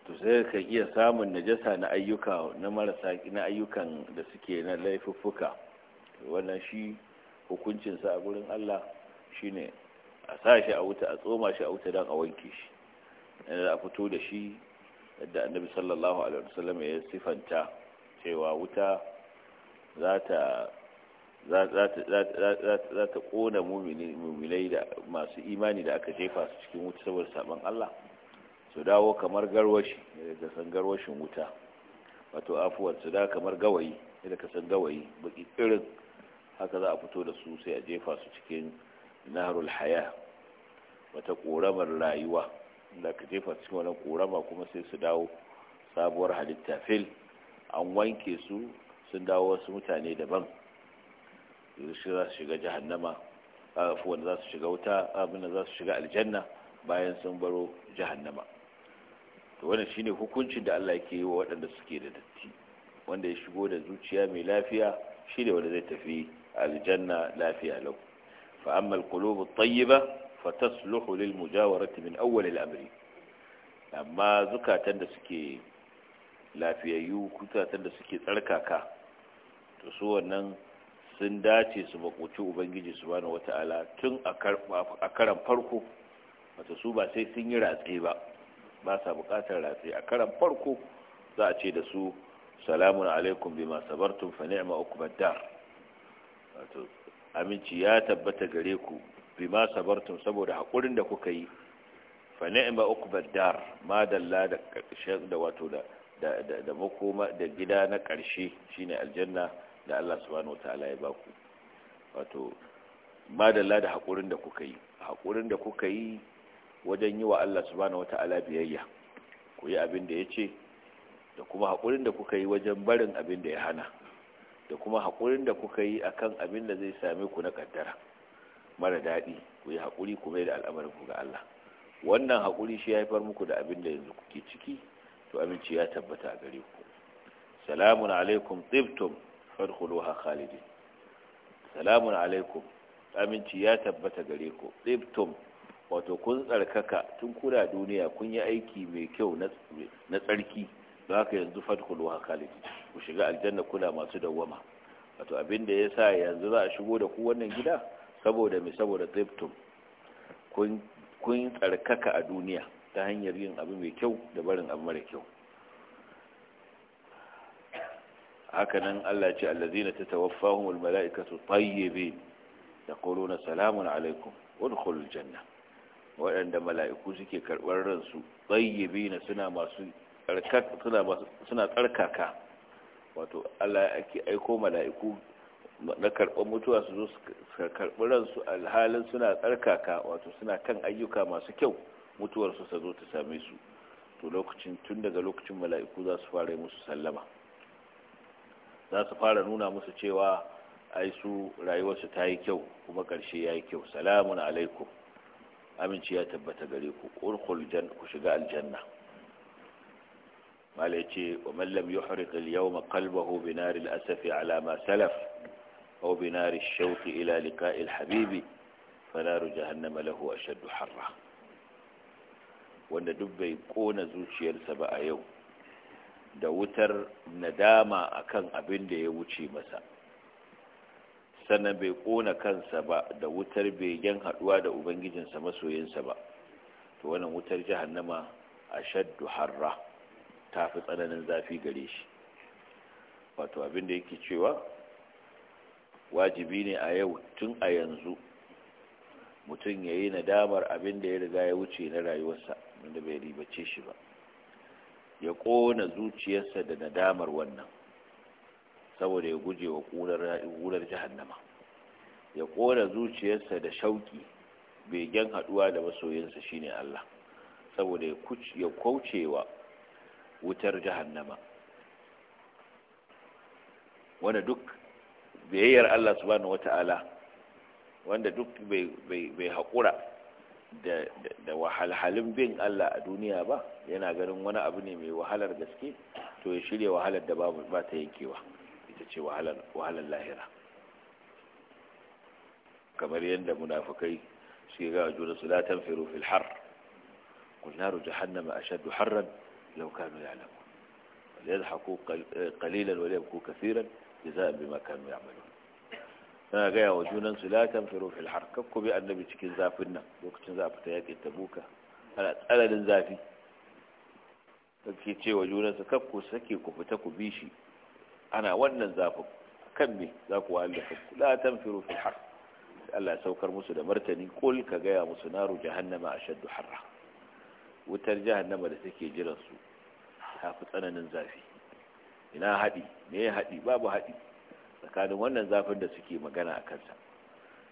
to sai ka iya samun najasa na ayyuka na marasa na ayyukan da suke na laifuffuka wannan shi hukuncinsa a gurin Allah shine a sa shi a wuta a tsoma shi a wuta don a wanke shi da a fito da shi yadda annabi sallallahu alaihi wasallam ya sifanta cewa wuta za ta za ta kona muminai da masu imani da aka jefa su cikin wuta saboda saban Allah su dawo kamar garwashi da eh, san garwashin wuta wato afuwar su da kamar gawayi da ka san gawayi baki irin haka za a fito da su sai a jefa su cikin naharul haya wata ƙoramar rayuwa da ka jefa cikin wani ƙorama kuma sai su dawo sabuwar halitta fil an wanke su sun dawo wasu mutane daban yanzu shi za su shiga jahannama za su shiga wuta abin za su shiga aljanna bayan sun baro jahannama to wannan shine hukuncin da Allah yake yi wa waɗanda suke da datti wanda ya shigo da zuciya mai lafiya shine wanda zai tafi aljanna lafiya lau fa amma alqulub at-tayyiba fatasluhu lil mujawarati min awwal al-amri amma zukatan da suke lafiyayyu zukatan da suke tsarkaka to su wannan sun dace su makoci ubangiji subhanahu wata'ala tun a karan farko wato su ba sai sun yi ratse ba ba sa bukatar ratsi a karan farko za a ce da su salamun alaikum bi masu bartun ni'ma uqbad dar aminci ya tabbata gare ku masu bartun saboda haƙurin da kuka yi fane ni'ma ma dalla da da wato da makoma da gida na ƙarshe shine aljanna da Allah subhanahu ta'ala ya baku wato ma dalla da haƙurin da kuka yi haƙurin da kuka yi wajen yi wa Allah subhanahu wata'ala biyayya ku yi abin da ya ce da kuma haƙurin da kuka yi wajen barin abin da ya hana da kuma haƙurin da kuka yi akan abin da zai same ku na kaddara mara daɗi ku yi haƙuri ku mai da al'amarin ku ga Allah wannan haƙuri shi ya haifar muku da abin da yanzu kuke ciki to aminci ya tabbata a gare ku salamun alaikum tibtum fadkhuluha khalidin salamun alaikum aminci ya tabbata gare ku tibtum wato kun tsarkaka tun kuna duniya kun yi aiki mai kyau na tsarki za haka yanzu fatkul wa khalidi ku shiga aljanna kula masu dawwama wato abinda ya sa yanzu za a shigo da ku wannan gida saboda mai saboda tsiftum kun tsarkaka a duniya ta hanyar yin abu mai kyau da barin abu mara kyau nan Allah ce allazina tatawaffahumul mala'ikatu tayyibin yaquluna salamun alaikum udkhulul jannah waɗanda mala'iku suke karɓar ransu tsayyabi na suna tsarkaka wato Allah ake aiko mala'iku na karɓar mutuwa su zo su karɓi ransu alhalin suna tsarkaka wato suna kan ayyuka masu kyau mutuwarsu ta zo ta same su to lokacin tun daga lokacin mala'iku za su fara musu sallama za su fara nuna musu cewa ai su rayuwarsu ta yi kyau kuma ƙarshe ya yi kyau salamun alaikum aminci ya tabbata gare ku urkhul ku shiga aljanna mala yace wa mallam lam yuhriq al-yawma qalbahu bi nar salaf aw binari shauki ila liqa' al-habib fanar jahannama lahu ashaddu harra wanda duk bai kona zuciyarsa ba a yau da wutar nadama akan abin da ya wuce masa sannan bai kona kansa ba da wutar begen haduwa da ubangijinsa masoyinsa ba to wannan wutar jahannama a shaddu harra ta fi tsananin zafi gare shi wato abin da yake cewa wajibi ne a yau tun a yanzu mutum ya yi nadamar abin da ya riga ya wuce na rayuwarsa wanda bai ribace shi ba ya kona zuciyarsa da nadamar wannan saboda ya guje wa kurar jahannama ya kora zuciyarsa da shauƙi begen haɗuwa da masoyinsa shine Allah saboda ya wa wutar jahannama wanda duk biyayyar Allah subhanahu wata'ala wanda duk bai haƙura da wahalhalin bin Allah a duniya ba yana ganin wani abu ne mai wahalar gaske to ya shirya wahalar da ba ta yankewa ita ce wahalar lahira kamar yadda munafukai suke gawa juna su latan firu fil har kulnaru jahannama ashaddu harran law kanu ya'lamu wal yadhaku kasiran wal za a bi bima ya ya'malun suna gaya wa junan su latan firu fil har kakko bi annabi cikin zafin nan lokacin za a fita yakin tabuka ana tsananin zafi ke ce wa junan su kakko sake ku fita ku bi shi ana wannan zafin kan me za ku wallafa la tanfiru rufin har Allah saukar musu da martani kul ka gaya musu naru jahannama shaddu harra wutar jahannama da take jiran su ta fi tsananin zafi ina haɗi me ya haɗi babu haɗi tsakanin wannan zafin da suke magana a kansa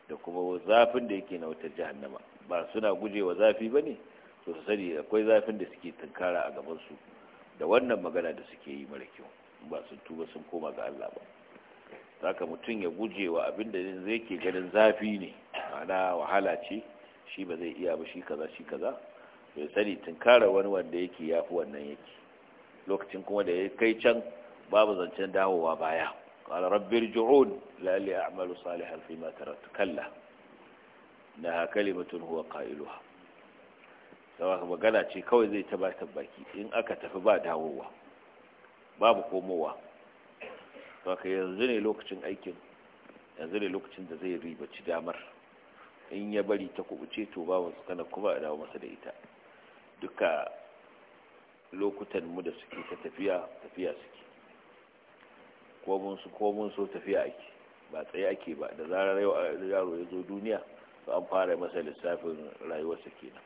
da kuma zafin da yake na wutar jahannama ba suna gujewa zafi ba ne sosai su sani akwai zafin da suke tunkara a gabansu da wannan magana da suke yi mara kyau ba sun tuba sun koma ga Allah ba zaka mutum ya guje wa abin da zai ke ganin zafi ne ana wahala ce shi ba zai iya ba shi kaza shi kaza bai sani tunkara wani wanda yake yafi wannan yake lokacin kuma da ya kai can babu zancen dawowa baya ju'un la li a'malu salihan fi ma تركت kalla na كلمة huwa qailuha سواء magana ce kawai zai ta ba baki in aka tafi ba dawowa babu komowa ka yanzu ne lokacin aikin yanzu ne lokacin da zai ribaci damar in ya bari ta kubuce to ba wasu kana kuma a dawo masa da ita duka lokutan mu da suke ta tafiya tafiya suke komun so tafiya ake ba tsaye ake ba da zarar yaro ya zo duniya ba an fara masa lissafin rayuwarsa kenan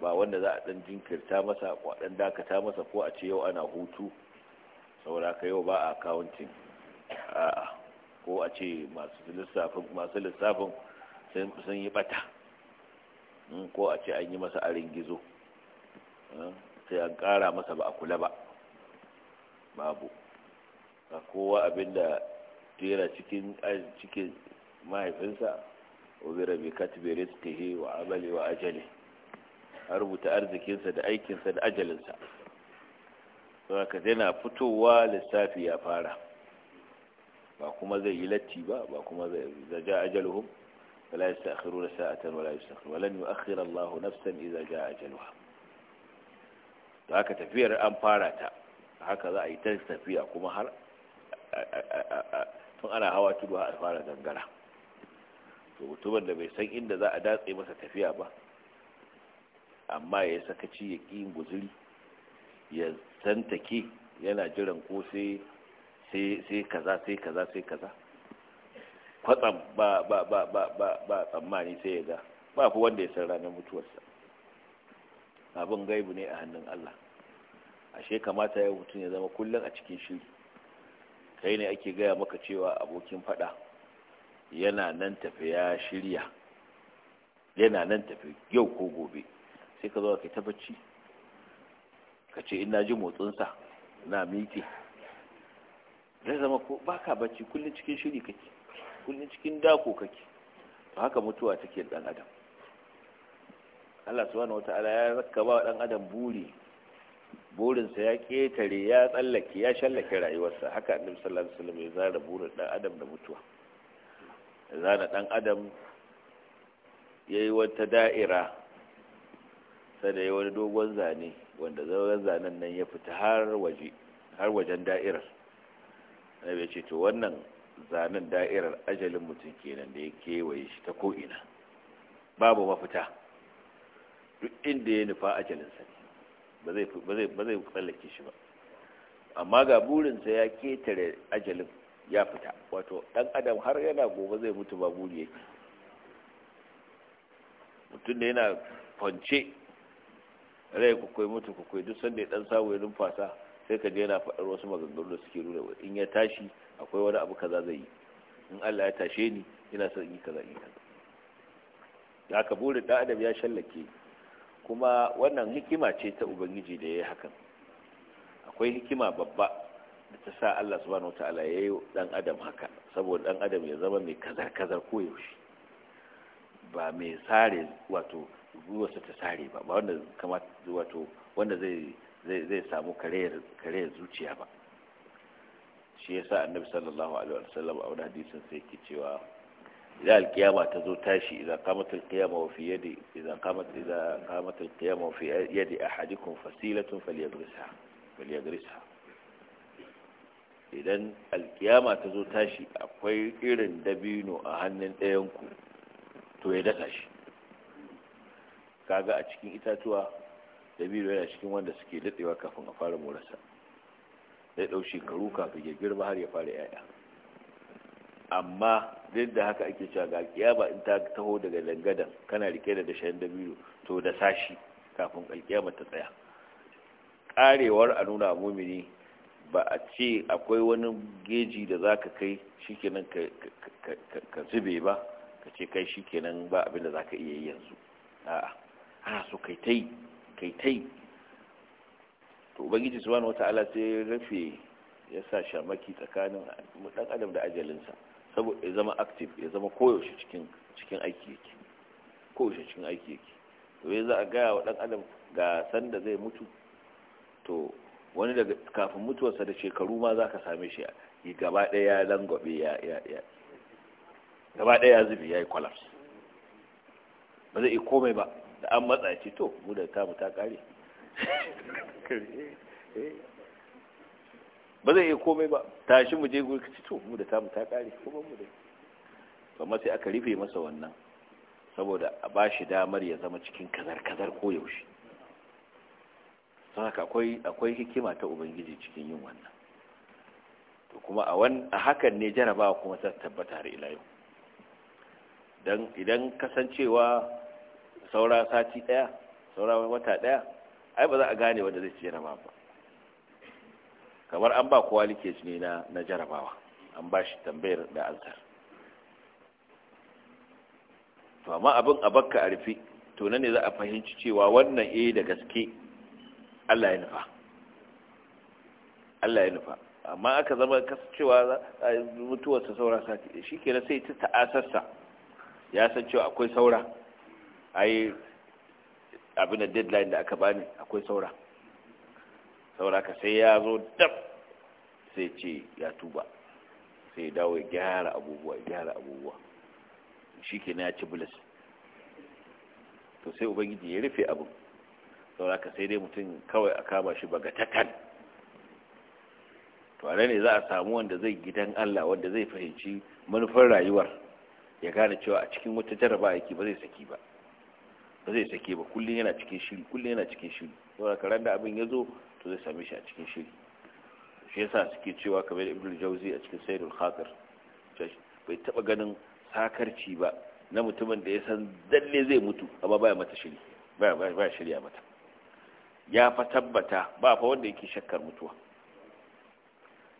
ba wanda za a ɗan jinkirta masa ko a ɗan dakata masa ko a ce yau ana hutu saboda ka yau ba a accounting a'a ko a ce masu lissafin sun yi bata hmm, ko a ce an yi masa arin gizo hmm, sai an kara masa ba a kula ba babu a kowa abinda tera cikin eh, cikin mahaifinsa obira bai katibe rizkihi wa amali wa ajali a rubuta arzikinsa da aikinsa da ajalinsa ka yana fitowa lissafi ya fara ba kuma zai yi latti ba ba kuma zai zaja ajaluhum wala yastakhiruna sa'atan wala yastakhiruna walan yu'akhkhira Allahu nafsan idza jaa ajaluha to haka tafiyar an fara ta haka za a yi ta tafiya kuma har tun ana hawa tudu a fara gangara to mutumin da bai san inda za a datse masa tafiya ba amma ya sakaci ya ƙi guzuri ya take yana jiran ko sai sai kaza sai kaza sai kaza kwatsam ba ba ba ba ba ba tsammani sai ya ga ba ku wanda ya san ranar mutuwarsa abin gaibu ne a hannun Allah ashe kamata ya mutum ya zama kullum a cikin shiri kai ne ake gaya maka cewa abokin fada yana nan tafi shirya yana nan tafi yau ko gobe sai ka zo ka tabbaci ka ce ina ji motsinsa na miƙe zai zama ko ka bacci kullum cikin shiri kake kullum cikin dako kake to haka mutuwa take dan adam Allah subhanahu wataala ya raka ba dan adam buri burinsa ya ƙetare, ya tsallake ya shallake rayuwarsa haka annabi sallallahu alaihi wasallam ya zara burin dan adam da mutuwa zana dan adam yayi wata da'ira sai da wani dogon zane wanda zauran zanen nan ya fita har wajen da'irar Na ya ce to wannan zanen da'irar ajalin mutum kenan da ya kewaye shi ta ko'ina babu mafita duk inda ya nufa ajalinsa ne ba zai tsallake shi ba amma ga burinsa ya ketare ajalin ya fita wato dan adam har yana gobe zai mutu ba buri yake mutum da yana kwance rai ku mota mutu ku kai duk sanda ya dan samu ya numfasa sai ka je yana faɗar wasu maganganu da suke nuna in ya tashi akwai wani abu kaza zai yi in Allah ya tashe ni ina son yi kaza yi kaza da aka burin da adam ya shallake kuma wannan hikima ce ta ubangiji da ya yi hakan akwai hikima babba da ta sa Allah subhanahu wataala ya yi dan adam haka saboda dan adam ya zama mai kazar kazar koyaushe ba mai sare wato gwiwarsa ta sare ba ba wanda kamata wato wanda zai zai samu karayar zuciya ba shi yasa annabi sallallahu alaihi wasallam a wani hadisin sai yake cewa idan alkiyama ta zo tashi idan qamatul qiyama wa fi yadi idan qamat idan qamatul qiyama fi yadi ahadikum fasilatun falyadrisha falyadrisha idan alkiyama ta zo tashi akwai irin dabino a hannun ɗayan ku to ya dasa shi kaga a cikin itatuwa dabiru yana cikin wanda suke daɗewa kafin a fara morasa zai ɗau shekaru kafin ya girma har ya fara yaya amma duk da haka ake cewa ga kiyama in ta taho daga dangadan kana rike da dashen dabiru to da sashi kafin alkiyama ta tsaya karewar a nuna mumini ba a ce akwai wani geji da za ka kai shikenan ka zube ba ka ce kai shikenan ba abin da za ka iya yi yanzu a'a ana so kai tai kai tai to ubangiji subhanahu wataala sai ya rufe ya sa shamaki tsakanin dan adam da ajalinsa saboda ya zama active ya zama koyaushe cikin cikin aiki yake koyaushe cikin aiki yake to ya za a gaya wa dan adam ga san da zai mutu to wani daga kafin mutuwarsa da shekaru ma za ka same shi yi gaba ɗaya ya langwabe ya ya ya gaba ɗaya ya zubi ya yi collapse ba zai iya komai ba da an matsa ce to mu da tamu ta kare ba zai iya komai ba tashi mu je guri ka ce to mu da tamu ta kare kuma mu da sai aka rufe masa wannan saboda a ba shi damar ya zama cikin kazar-kazar koyaushe sun haka akwai hikima ta ubangiji cikin yin wannan to kuma a hakan ne jarabawa kuma ta tabbata har ila yau don idan kasancewa saura sati daya saura wata daya ai ba za a gane wanda zai ci jaraba ba kamar an ba kowa shi ne na jarabawa an ba shi tambayar da altar. to amma abin a bakka a rufe to nan ne za a fahimci cewa wannan eh da gaske Allah ya nufa Allah ya nufa amma aka zama kasancewa a mutuwarsa saura sati shi na sai ta ta'asarsa ya san cewa akwai saura ai abin da deadline da aka bani akwai saura saura ka sai ya zo dab sai ce ya tuba sai dawo gyara abubuwa gyara abubuwa shi ke ya ci bilis to sai ubangiji ya rufe abin saura ka sai dai mutum kawai a kama shi baga to a ne za a samu wanda zai gidan allah wanda zai fahimci manufar rayuwar ya gane cewa a cikin wata jaraba yake ba zai saki ba ba zai sake ba kullum yana cikin shiri kullum yana cikin shiri saboda karan da abin ya zo to zai same shi a cikin shiri shi yasa suke cewa kamar ibn jauzi a cikin sayyidul khatir bai taba ganin sakarci ba na mutumin da ya san dalle zai mutu amma baya mata shiri baya baya shirya mata ya fa tabbata ba fa wanda yake shakkar mutuwa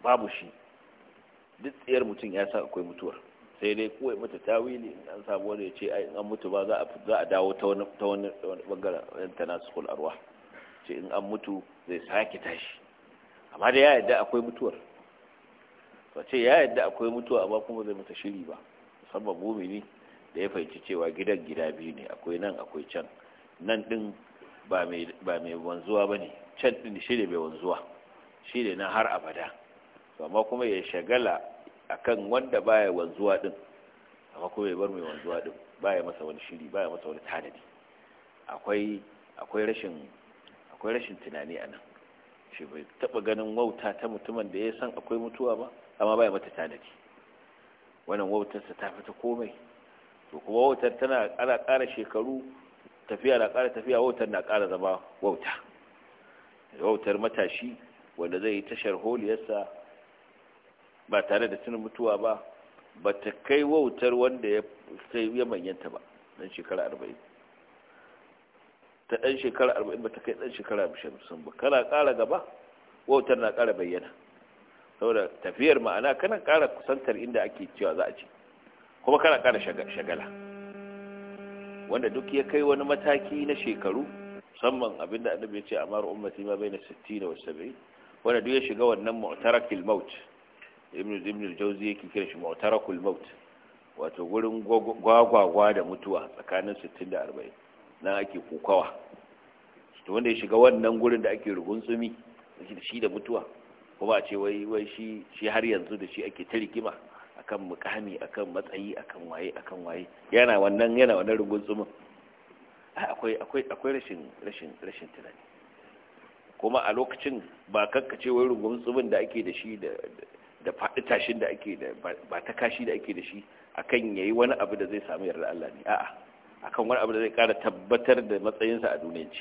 babu shi duk tsayar mutum ya sa akwai mutuwar sai dai kawai mata tawili an samu wani ya ce in an mutu ba za a dawo ta wani bangare wani bangaren ta nasu kul arwa ce in an mutu zai sake tashi amma da ya yadda akwai mutuwar ba ce ya yadda akwai mutuwa amma kuma zai mata shiri ba musamman mumini da ya fahimci cewa gidan gida biyu ne akwai nan akwai can nan din ba mai wanzuwa ba ne can din shi ne mai wanzuwa shi ne na har abada amma kuma ya shagala akan wanda baya wanzuwa din amma kuma bai bar mai wanzuwa din baya masa wani shiri baya masa wani tanadi akwai akwai rashin akwai rashin tunani anan shi bai taba ganin wauta ta mutumin da ya san akwai mutuwa ba amma baya mata tanadi wannan wautarsa ta fita komai to kuma wautar tana ana ƙara shekaru tafiya na ƙara tafiya wautar na ƙara zama wauta wautar matashi wanda zai yi tashar holiyarsa ba tare da tunan mutuwa ba ba ta kai wautar wanda ya kai ya manyanta ba dan shekara arba'in ta dan shekara arba'in ba ta kai dan shekara hamsin ba kana ƙara gaba wautar na ƙara bayyana saboda tafiyar ma'ana kana ƙara kusantar inda ake cewa za a ce kuma kana ƙara shagala wanda duk ya kai wani mataki na shekaru musamman da annabi ya ce amara ummati ma baina 60 da 70 wanda duk ya shiga wannan mu'tarakil maut ibn ibn al-jawzi yake kira shi mu'tarakul maut wato gurin gwagwagwa da mutuwa tsakanin 60 da 40 nan ake kokawa to wanda ya shiga wannan gurin da ake rugun tsumi shi da mutuwa kuma a ce wai wai shi shi har yanzu da shi ake ta rigima akan mukami akan matsayi akan waye akan waye yana wannan yana wannan rugun tsumin akwai akwai akwai rashin rashin rashin tunani kuma a lokacin ba kakkace wai rugun tsumin da ake da shi da da faɗi tashin da ake da ba ta kashi da ake da shi akan yayi wani abu da zai samu yarda Allah ne a'a akan wani abu da zai ƙara tabbatar da matsayinsa a ci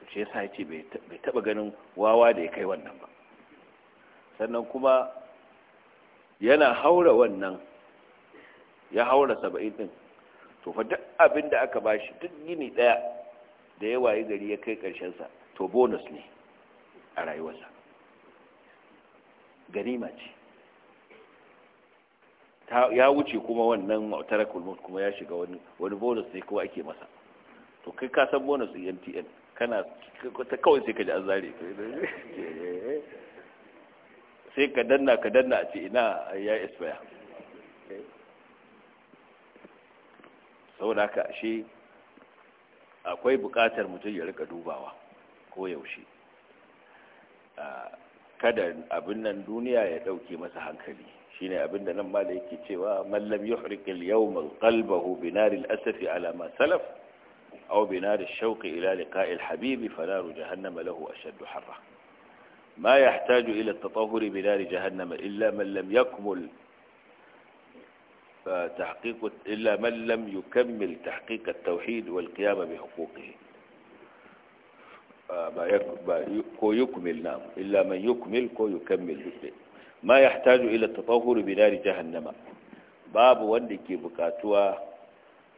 to shi yasa yace bai taba ganin wawa da ya kai wannan ba sannan kuma yana haura wannan ya haura saba'in din to fa duk abin da aka bashi duk gini daya da ya wayi gari ya kai karshen sa to bonus ne a rayuwarsa ganima ce ya wuce kuma wannan mutarakul mut kuma ya shiga wani wani bonus ne kuma ake masa to kai ka san bonus din MTN kana ta kawai sai ka ji an zare sai ka danna ka danna a ce ina ya expire saboda ka shi akwai bukatar mutum ya rika dubawa ko yaushe ah, kada abin nan duniya ya dauke masa hankali shine abin da nan malai yake cewa man lam yuhriq al-yawma qalbahu bi nar al-asaf ala ma salaf aw bi nar ash-shawq ila liqa'i al-habib fa nar jahannam lahu ashadd harra ma ila يحتاج إلى التطهر بنار جهنم إلا من لم يكمل تحقيق إلا من لم يكمل تحقيق التوحيد والقيام بحقوقه ba ko yukmil na illa man yukmil ko yukammil duk ma yahtaju ila tatahhur bi nari jahannama babu wanda ke bukatuwa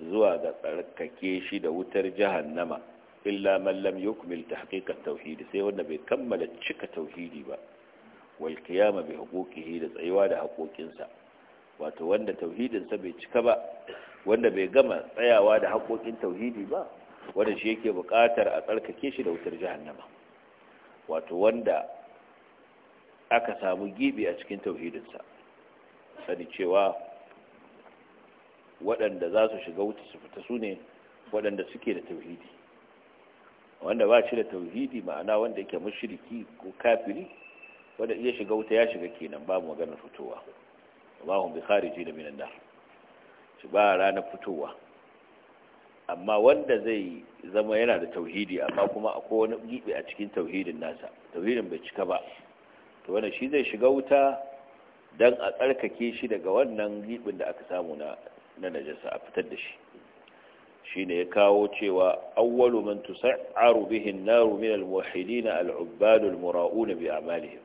zuwa ga tsarkake shi da wutar jahannama illa man lam yukmil tahqiq at-tauhid sai wanda bai kammala cika tauhidi ba wal bai bi huquqihi da tsayuwa da haƙoƙinsa wato wanda tauhidinsa bai cika ba wanda bai gama tsayawa da haƙoƙin tauhidi ba wanda shi yake buƙatar a tsarkake shi da wutar jahannama wato wanda aka samu gibi a cikin tauhidinsa sani cewa waɗanda za su shiga wuta su fita su ne waɗanda suke da tauhidi wanda ba shi da tauhidi ma'ana wanda yake mushriki ko kafiri wanda iya shiga wuta ya shiga kenan babu maganar fitowa ba hun bi khariji da minan nar shi ba ranar fitowa amma wanda zai zama yana da tauhidi amma kuma akwai wani gibi a cikin tauhidin nasa tauhidin bai cika ba to wannan shi zai shiga wuta dan a tsarkake shi daga wannan gibin da aka samu na na najasa a fitar da shi shine ya kawo cewa awwalu man tus'aru bihi an-nar min al-muwahhidin al-ubbad al-mura'un bi a'malihim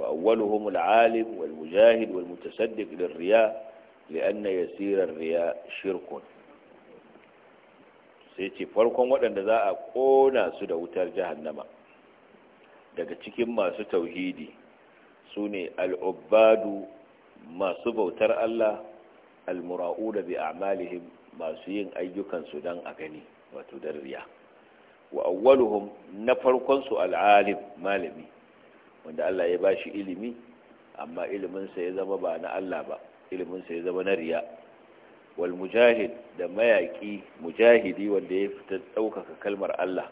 wa awwaluhum al-'alim wal-mujahid wal-mutasaddiq lir-riya' yasira ar-riya shirkun sai ce farkon waɗanda za a ƙona su da wutar jahannama daga cikin masu tauhidi su ne al'ubbadu masu bautar Allah almura'u da bi amalihim masu yin ayyukansu don a gani wato don riya wa awwaluhum na farkonsu al'alim malami wanda Allah ya ba shi ilimi amma iliminsa ya zama ba na Allah ba iliminsa ya zama na riya Walmujahid da mayaki mujahidi wanda ya fita ɗaukaka kalmar Allah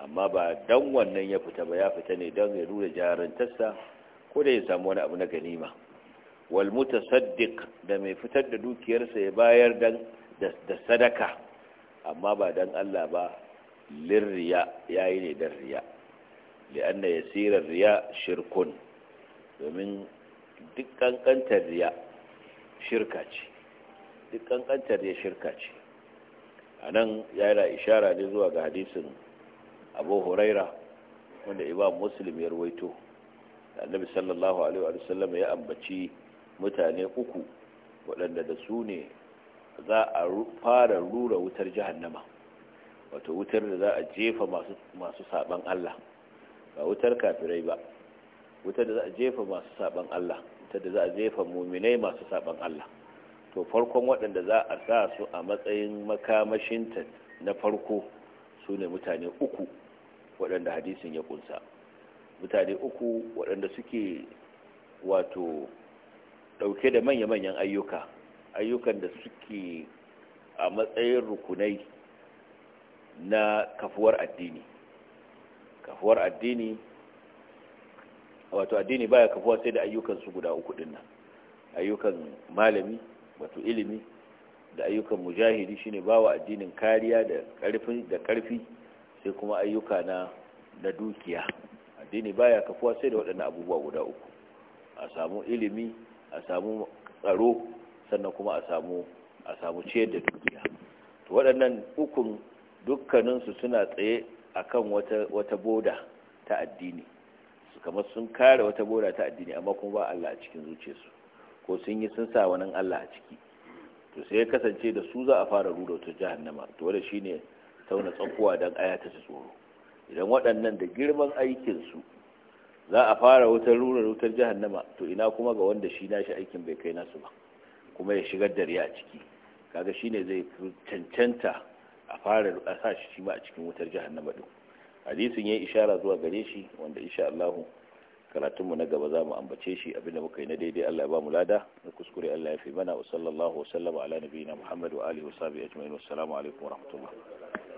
amma ba dan wannan ya fita ba ya fita ne don ya nuna jarantarsa ko da ya samu wani abu na ganima wal mutasaddiq da mai fitar da dukiyarsa ya bayar dan da sadaka amma ba dan Allah ba lirriya yayi ne dan riya li'anna yasirar riya shirkun domin duk ƙanƙantar riya shirka ce duk kankantar ya shirka ce a nan ya yi ishara ne zuwa ga hadisin abu huraira wanda imam muslim ya ruwaito annabi sallallahu alaihi wa sallam ya ambaci mutane uku waɗanda da su ne za a fara rura wutar jahannama wato wutar da za a jefa masu saban Allah ba wutar kafirai ba wutar da za a jefa masu saban Allah wutar da za a jefa muminai masu saban Allah to farkon waɗanda za a sa su a matsayin makamashinta na farko su ne mutane uku waɗanda hadisin ya kunsa mutane uku waɗanda suke wato ɗauke da manya-manyan ayyuka ayyukan da suke a matsayin rukunai na kafuwar addini kafuwar addini wato addini baya kafuwa sai da ayyukan su guda uku dinnan ayyukan malami wato ilimi da ayyukan mujahidi shine bawa addinin kariya da karfi da karfi sai kuma ayyuka na na dukiya addini baya kafuwa sai da waɗannan abubuwa guda uku a samu ilimi a samu tsaro sannan kuma a samu a samu ciyar da dukiya to waɗannan ukun dukkaninsu suna tsaye akan wata wata boda ta addini kamar sun kare wata boda ta addini amma kuma ba Allah a cikin zuciyarsu ko sun yi sun sa wani Allah a ciki to sai ya kasance da su za a fara rura ta jahannama to wanda shine tauna tsakuwa don aya ta tsoro idan waɗannan da girman aikinsu za a fara wutar rura wutar jahannama to ina kuma ga wanda shi nashi aikin bai kai nasu ba kuma ya shigar da riya a ciki kaga shine zai cancanta a fara a sa shi ma a cikin wutar jahannama din hadisin ya yi ishara zuwa gare shi wanda insha Allah karatunmu na gaba za mu ambace shi abinda muka yi na daidai Allah ya ba mu lada na kuskure Allah ya fi mana wa sallallahu wa sallama ala nabiyina Muhammad wa alihi wa sahbihi ajma'in wassalamu alaikum wa rahmatullah